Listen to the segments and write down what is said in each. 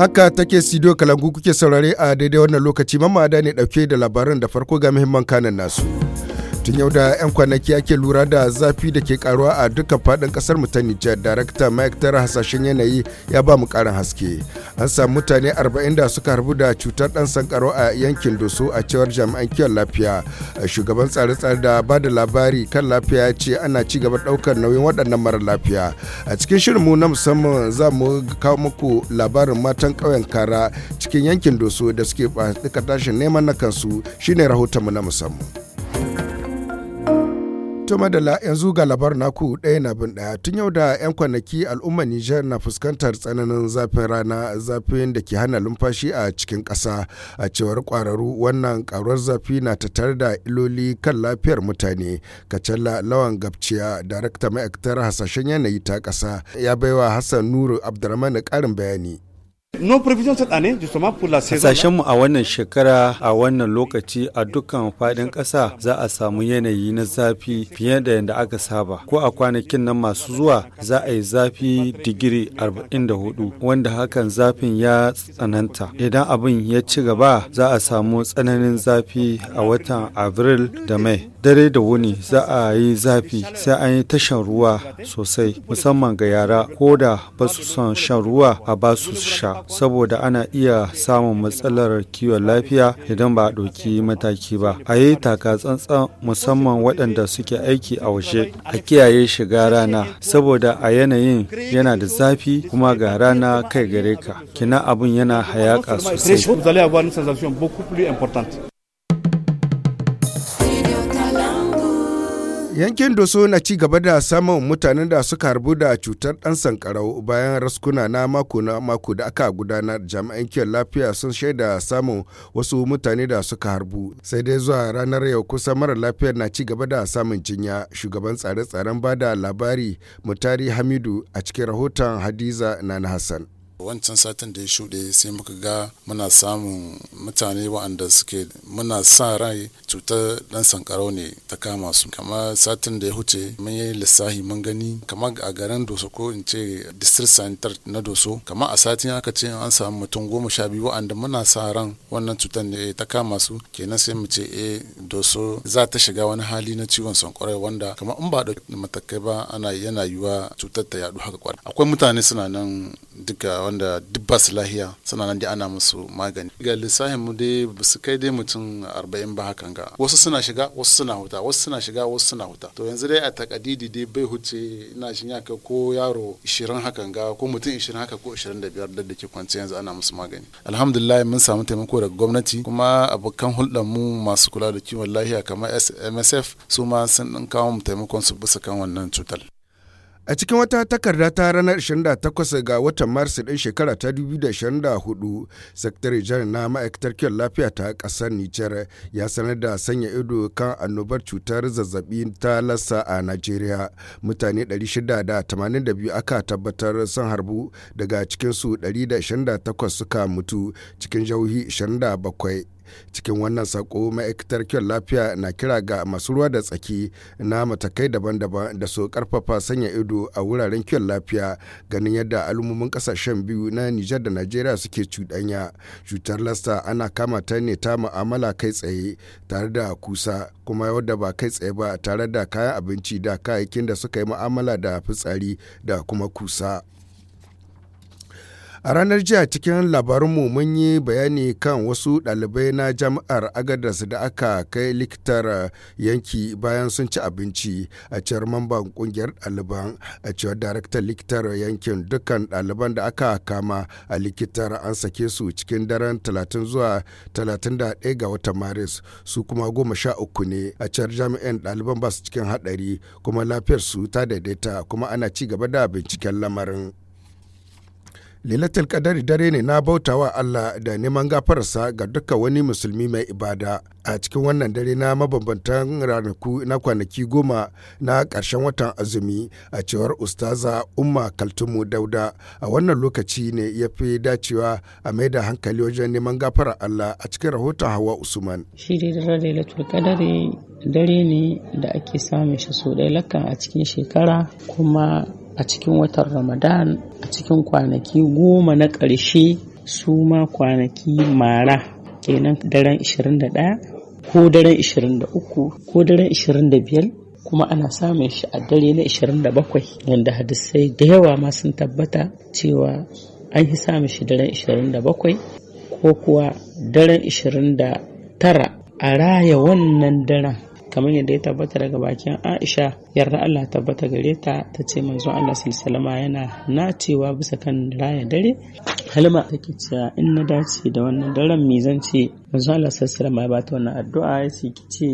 Haka take Sidiyo Kalangu kuke saurare a daidai wannan lokaci da ne ɗauke da labaran da farko ga muhimman kanan nasu. tun yau da 'yan kwanaki ake lura da zafi da ke karuwa a duka faɗin ƙasar mu ta nijar darakta ma'aikatar hasashen yanayi ya ba mu ƙarin haske an samu mutane 40 da suka harbu da cutar ɗan sankaro a yankin doso a cewar jami'an kiwon lafiya shugaban tsare-tsare da ba da labari kan lafiya ya ce ana ci gaba ɗaukar nauyin waɗannan mara lafiya a cikin shirin mu na musamman za mu kawo muku labarin matan ƙauyen kara cikin yankin doso da suke ba tashin neman na kansu shine rahoton mu na musamman To madalla yanzu ga labar naku ɗaya na bin ɗaya tun yau da 'yan kwanaki al'ummar Nijar na fuskantar tsananin zafin rana zafin da ke hana lumfashi a cikin ƙasa a cewar ƙwararru wannan ƙaruwar zafi na tattare da iloli kan lafiyar mutane. Kacalla Lawan Gabciya darakta ma'aikatar hasashen yanayi ta ƙasa ya baiwa Hassan Nuru abdulrahman ƙarin bayani. mu a wannan shekara a wannan lokaci a dukkan faɗin ƙasa za a samu yanayi na zafi fiye da yadda aka saba. Ko a kwanakin nan masu zuwa za a yi zafi digiri arba'in da hudu, wanda hakan zafin ya tsananta. Idan abin ya ci gaba za a samu tsananin zafi a watan Abril da Mai. dare da wuni za a yi zafi sai an yi tashan ruwa sosai musamman ga yara ko da ba su son shan ruwa a ba su sha saboda ana iya samun matsalar kiwon lafiya idan ba a ɗauki mataki ba a yi taka tsantsan musamman waɗanda suke aiki a waje a kiyaye shiga rana saboda a yanayin yana da zafi kuma ga rana kai gare ka kina abin yana hayaka sosai Yankin Doso na ci gaba da samun mutanen da suka harbu da cutar dan sankarau bayan raskuna na mako na mako da aka gudanar jami'an kiyan lafiya sun shaida samun wasu mutane da suka harbu. Sai dai zuwa ranar yau kusa mara lafiyar na ci gaba da samun jinya shugaban tsare-tsaren bada labari Mutari Hamidu a cikin rahoton Hadiza na Hassan. wancan satin da ya shuɗe sai muka ga muna samun mutane waɗanda suke muna sa rai cutar ɗan sankarau ne ta kama su kama satin da ya huce mun yi lissahi mun gani kama a garin doso ko in ce district center na doso kama a satin aka ce an samu mutum goma sha biyu waɗanda muna sa ran wannan cutar ne ta kama su kenan sai mu ce eh doso za ta shiga wani hali na ciwon sankarau wanda kama in ba da matakai ba ana yana yiwa cutar ta yaɗu haka kwar akwai mutane suna nan duka wanda duk ba su lahiya suna nan dai ana musu magani ga lissahin mu dai ba su kai dai mutum arba'in ba hakan ga wasu suna shiga wasu suna huta wasu suna shiga wasu suna huta to yanzu dai a takadidi dai bai huce ina shin ya ko yaro ishirin hakan ga ko mutum ishirin haka ko ishirin da biyar da ke kwanci yanzu ana musu magani alhamdulillah mun samu taimako daga gwamnati kuma abokan hulɗar mu masu kula da kiwon lahiya kamar msf su ma sun kawo mu taimakon su bisa kan wannan cutar A cikin wata takarda ta ranar 28 ga watan Maris ɗin shekara ta 2024, Sakatare Janar na ma'aikatar kiwon lafiya ta ƙasar Nijar ya sanar da sanya ido kan annobar cutar zazzabi ta lassa a Najeriya. Mutane 682 aka tabbatar sun harbu daga cikinsu 128 suka mutu cikin jauhi 27. cikin wannan sako ma'aikatar kiwon lafiya na kira ga masu ruwa da tsaki na matakai daban-daban da su karfafa sanya ido a wuraren kiwon lafiya ganin yadda al'ummomin kasashen biyu na nijar da najeriya suke cuɗanya cutar lasta ana kama ta ne ta ma'amala kai tsaye tare da kusa kuma wadda ba kai tsaye ba tare da kayan abinci da kayayyakin da suka yi ma'amala da fitsari da kuma kusa. A ranar jiya cikin labarinmu mun yi bayani kan wasu ɗalibai na jami'ar Agadas da aka kai likitar yanki bayan sun ci abinci a cewar mamban ƙungiyar ɗaliban a cewar daraktan likitar yankin dukkan ɗaliban da aka kama a likitar an sake su cikin daren 30 zuwa 31 ga watan Maris su kuma goma sha uku ne a cewar jami'an ɗaliban ba su cikin haɗari kuma lafiyar su ta daidaita kuma ana ci gaba da binciken lamarin. Lailatul Qadari dare ne na bautawa Allah da neman gafararsa ga duka wani musulmi mai ibada. A cikin wannan dare na mabambantan ranaku na kwanaki goma na karshen watan azumi a cewar Ustaza Umma Kaltumu Dauda. A wannan lokaci ne ya fi dacewa a mai da hankali wajen neman gafarar Allah a cikin rahoton Hawa Usman. Shi dai da Lailatul Qadari dare ne da ake samun shi sau ɗaya a cikin shekara kuma a cikin watan Ramadan a cikin kwanaki goma na ƙarshe su ma kwanaki mara kenan daren 21 ko daren 23 ko daren 25 kuma ana samun shi a dare na 27 wanda hadisai da yawa ma sun tabbata cewa an yi samun shi daren 27 ko kuwa daren 29 a raya wannan daren kamar yadda ya tabbata daga bakin Aisha yarda Allah tabbata gare ta ta ce manzo Allah sallallahu yana nacewa bisa kan raya dare Halima ke cewa in na dace da wannan daren me zan ce manzon Allah sallallahu ya bata wannan addu'a ya ce ki ce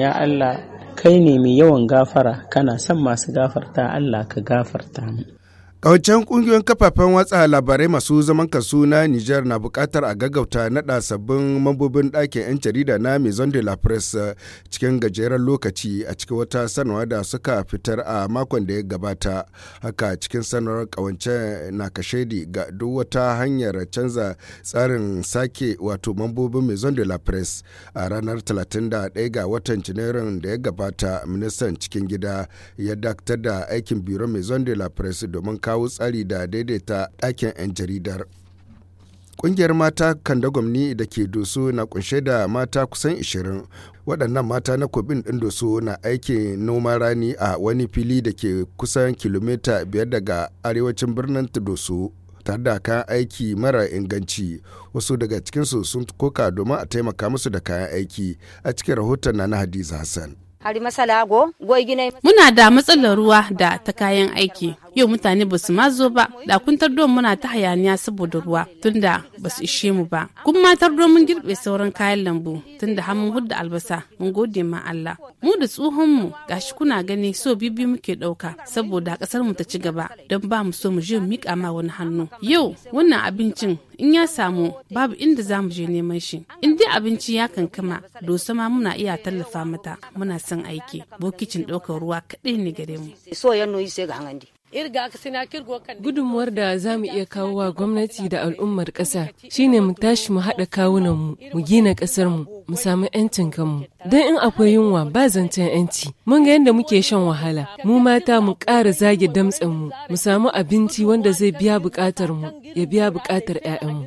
ya Allah kai ne mai yawan gafara kana son masu gafarta Allah ka gafarta mu Kawancen kungiyoyin kafafen watsa labarai masu zaman kansu na Nijar na bukatar a gaggauta nada sabbin mambobin ɗakin 'yan jarida na Maison de la Presse cikin gajeren lokaci a cikin wata sanarwa da suka fitar a makon da ya gabata. Haka cikin sanarwar ƙawancen na kashedi ga duk wata hanyar canza tsarin sake wato mambobin Maison de la Presse a ranar 31 ga watan Janairun da ya gabata ministan cikin gida ya datar da aikin Biro Maison de la Presse domin kawo tsari da daidaita ɗakin 'yan jaridar. Ƙungiyar mata Kandagwamni da ke doso na kunshe da mata kusan 20. Waɗannan mata na kobin ɗin doso na aikin noma rani a wani fili da ke kusan kilomita biyar daga arewacin birnin doso tare da kayan aiki mara inganci wasu daga cikinsu sun koka domin a taimaka musu da kayan aiki a cikin rahoton na hadiza hassan Muna da matsalar ruwa da ta kayan aiki. yau mutane ba su ma zo ba da kun tardo muna ta hayaniya saboda ruwa tunda ba su ishe mu ba kun ma tardo mun girbe sauran kayan lambu tunda har mun hudda albasa mun gode ma Allah mu da tsohon mu gashi kuna gani so bibi muke dauka saboda kasar mu ta ci gaba don ba mu so mu je mika ma wani hannu yau wannan abincin in ya samu babu inda za mu je neman shi in dai abinci ya kankama dosa ma muna iya tallafa mata muna son aiki bokicin ɗaukar ruwa kaɗai ne gare mu Gudunmuwar da za mu iya kawo wa gwamnati da al'ummar ƙasa shine mu tashi mu haɗa kawunanmu, mu gina ƙasarmu, mu samu 'yancin kanmu. Don in akwai yunwa ba zancen 'yanci. Mun ga yadda muke shan wahala, mu mata mu ƙara zage damtsenmu, mu samu abinci wanda zai biya buƙatar mu, ya biya buƙatar 'ya'yanmu.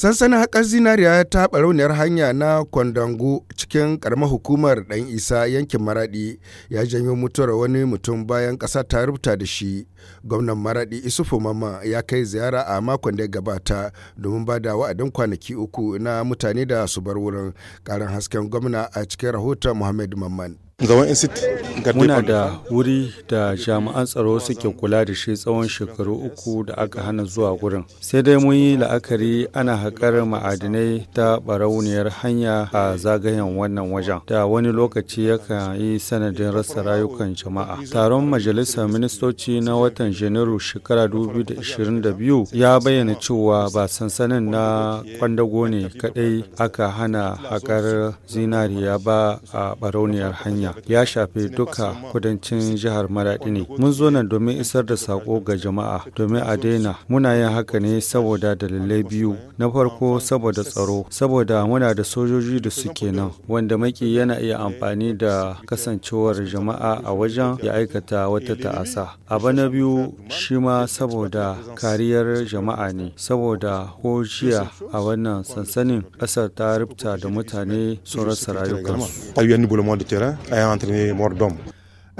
sansanin haƙar zinariya ta ɓarauniyar hanya na kwandango cikin ƙaramar hukumar ɗan isa yankin maraɗi ya janyo mutuwar wani mutum bayan ƙasa ta rubuta da shi gwamnan maraɗi isufu mama ya kai ziyara a makon da ya gabata domin ba da wa'adin kwanaki uku na mutane da su bar wurin ƙarin hasken gwamna a cikin rahoton muhammad mamman Muna da wuri da jami'an tsaro suke kula da shi tsawon shekaru uku da aka hana zuwa gurin. Sai dai mun yi la'akari ana haƙar ma'adinai ta barauniyar hanya a zagayen wannan wajen da wani lokaci yakan yi sanadin rasa rayukan jama'a. Taron majalisar ministoci na watan Janairu shekara 2022 ya bayyana cewa ba sansanin na kwandago ne kadai aka hana haƙar zinariya ba a barauniyar hanya. ya shafi duka kudancin jihar Maraɗi ne. Mun zo nan domin isar da sako ga jama'a domin a daina. Muna yin haka ne saboda dalilai biyu. Na farko saboda tsaro, saboda muna da sojoji da suke nan wanda maki yana iya amfani da kasancewar jama'a a wajen ya aikata wata ta'asa. Abu na biyu shi ma saboda kariyar jama'a ne, saboda ko jiya a wannan sansanin ƙasar ta rubuta da mutane sun rasa rayukansu. entre les morts d'homme.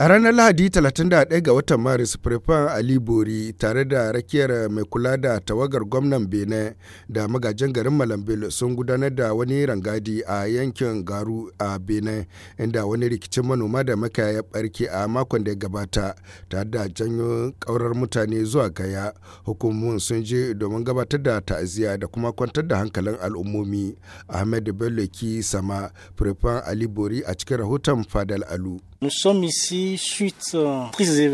A ranar Lahadi 31 ga watan Maris, Firfan Ali Bori tare da rakiyar mai kula da tawagar gwamnan bene da magajin garin Malambil sun gudanar da wani rangadi a yankin Garu a bene inda wani rikicin manoma da makaya ya barke a makon da ya gabata, tare da janyo kaurar mutane zuwa gaya. Hukumomin sun je domin gabatar da ta'aziyya da kuma kwantar da hankalin al'ummomi. Ahmed Bello Ki Sama, Firfan Ali Bori a cikin rahoton Fadal Alu. Euh,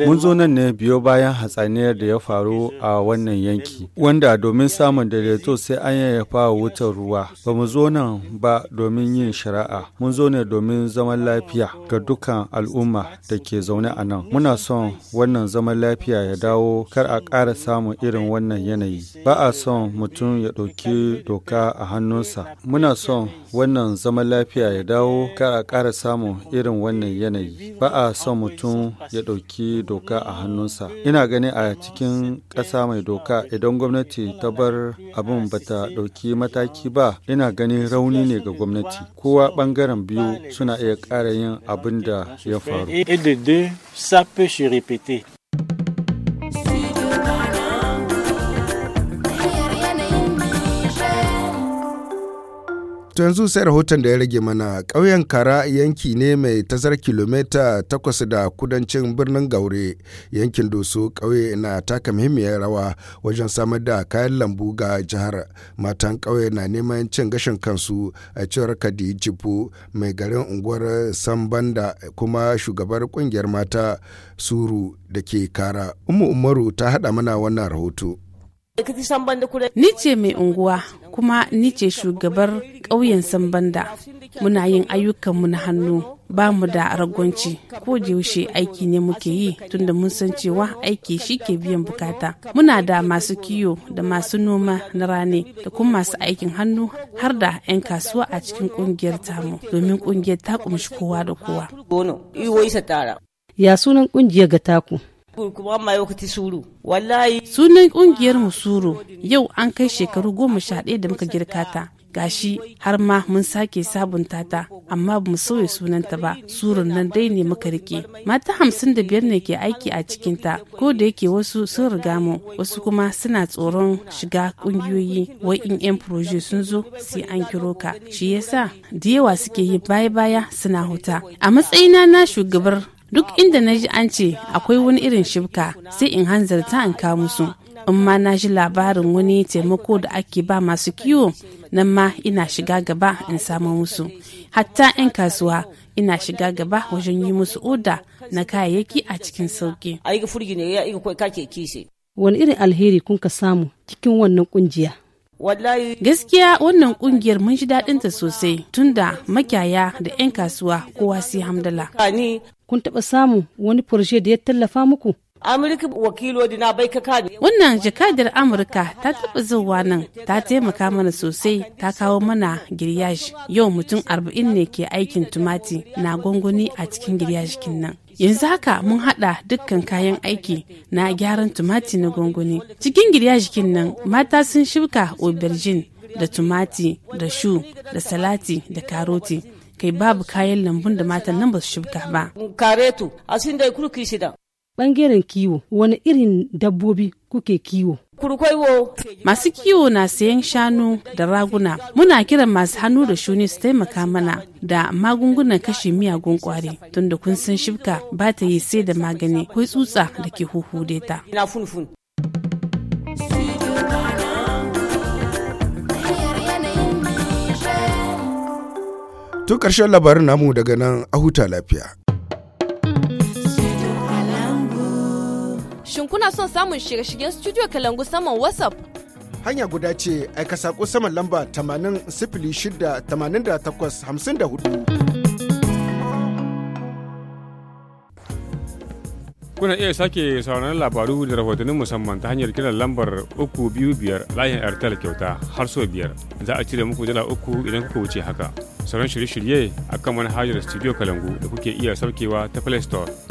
mun zo nan ne biyo bayan hatsaniyar da ya faru a wannan yanki, wanda domin samun daidaito sai an yayyafa wutar ruwa. Ba mu zo nan ba domin yin shari'a, mun zo ne domin zaman lafiya ga dukkan al'umma da ke zaune a nan. Muna son wannan zaman lafiya ya dawo kar a ƙara samun irin wannan yanayi. Ba a son mutum ya ɗauki doka a hannunsa. Muna son wannan zaman lafiya ya dawo kar a ƙara samun irin wannan yanayi. ba a son mutum ya ɗauki doka a hannunsa ina gani a cikin ƙasa mai doka idan gwamnati ta bar abin ba ta ɗauki mataki ba ina gani rauni ne ga gwamnati kowa ɓangaren biyu suna iya ƙara yin abin da ya faru To yanzu sai rahoton da ya rage mana ƙauyen Kara yanki ne mai tazar kilomita takwas da kudancin birnin Gaure. Yankin Doso ƙauye na taka muhimmiyar rawa wajen samar da kayan lambu ga jihar. Matan ƙauye na neman cin gashin kansu a cewar kadijibu mai garin unguwar Sambanda kuma shugabar ƙungiyar mata Suru da ke Kara. Umu Umaru ta haɗa mana wannan rahoto. Ni ce mai unguwa kuma ni ce shugabar ƙauyen Sambanda. Muna yin ayyukanmu na hannu ba mu da ragwanci ko da yaushe aiki ne muke yi tunda mun san cewa aiki shi ke biyan bukata. Muna da masu kiyo da masu noma na rane da kuma masu aikin hannu har da 'yan kasuwa a cikin kungiyar tamu domin kungiyar ta kumshi kowa da kowa. Ya sunan kungiyar ga taku. Sunan kungiyar Musuru yau an kai shekaru goma sha ɗaya da muka girka ta. Gashi har ma mun sake sabunta ta amma ba mu sauya sunanta ba surun nan dai ne muka rike. Mata hamsin da biyar ne ke aiki a cikinta ko da yake wasu sun riga mu wasu kuma suna tsoron shiga kungiyoyi wai in yan proje sun zo sai an kiro ka. Shi yasa da yawa suke yi baya baya suna huta. A matsayina na shugabar duk inda na ji an ce akwai wani irin shibka sai in hanzarta in ka musu in ma na ji labarin wani taimako da ake ba masu kiwo nan ma ina shiga gaba in samu musu hatta 'yan kasuwa ina shiga gaba wajen yi musu oda na kayayyaki a cikin sauki wani irin alheri kun ka samu cikin wannan kungiya gaskiya wannan kungiyar mun ji daɗinta sosai tunda makyaya da 'yan kasuwa kowa sai hamdala kun taɓa samu wani furje da ya tallafa muku? Amurka wakilo dina bai ka kani. Wannan jakadar Amurka ta taɓa zuwa nan ta taimaka mana sosai ta kawo mana giryaj, yau mutum arba'in ne ke aikin tumati na gwangwani a cikin giryashkin nan. yanzu haka mun haɗa dukkan kayan aiki na gyaran tumati na gwangwani cikin giryajikin nan mata sun shuka aubergine da tumati da shu da salati da karoti kai babu kayan lambun da matan nan ba su shibta ba. Karetu, asin da kurki shida. Bangaren kiwo, wani irin dabbobi kuke kiwo? kurkwaiwo Masu kiwo na sayan shanu da raguna. Muna kiran masu hannu da shuni su taimaka mana da magungunan kashe miyagun kwari tunda kun san shibka ba ta yi sai da magani ko tsutsa da ke huhude ta. Tun ƙarshen labarin namu daga nan a huta lafiya. Shin kuna son samun shirye-shiryen studio Kalangu saman WhatsApp? Hanya guda ce aika saƙo saman lamba 80 6 88 54. kuna iya sake sauran labaru da rahotannin musamman ta hanyar kiran lambar 325 layin airtel kyauta har so biyar za a cire muku dala uku idan kuka wuce haka sauran shirye-shirye akan manhajar studio kalangu da kuke iya saukewa ta play store